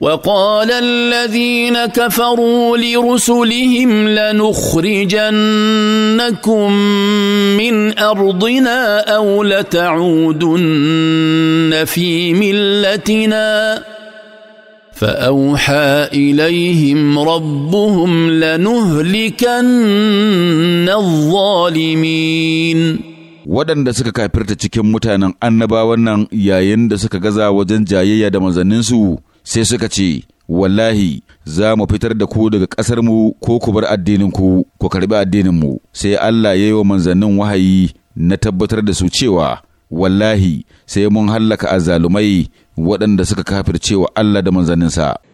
وقال الذين كفروا لرسلهم لنخرجنكم من ارضنا او لتعودن في ملتنا فاوحى اليهم ربهم لنهلكن الظالمين waɗanda suka kafirta cikin mutanen annabawan nan yayin da suka gaza wajen jayayya da manzanninsu sai suka ce, Wallahi, za mu fitar da ku daga mu ko ku bar addininku, ku karɓi addininmu, sai Allah ya yi wa manzannin wahayi na tabbatar da su cewa, Wallahi, sai mun hallaka azzalumai waɗanda suka kafircewa Allah da manzanninsa.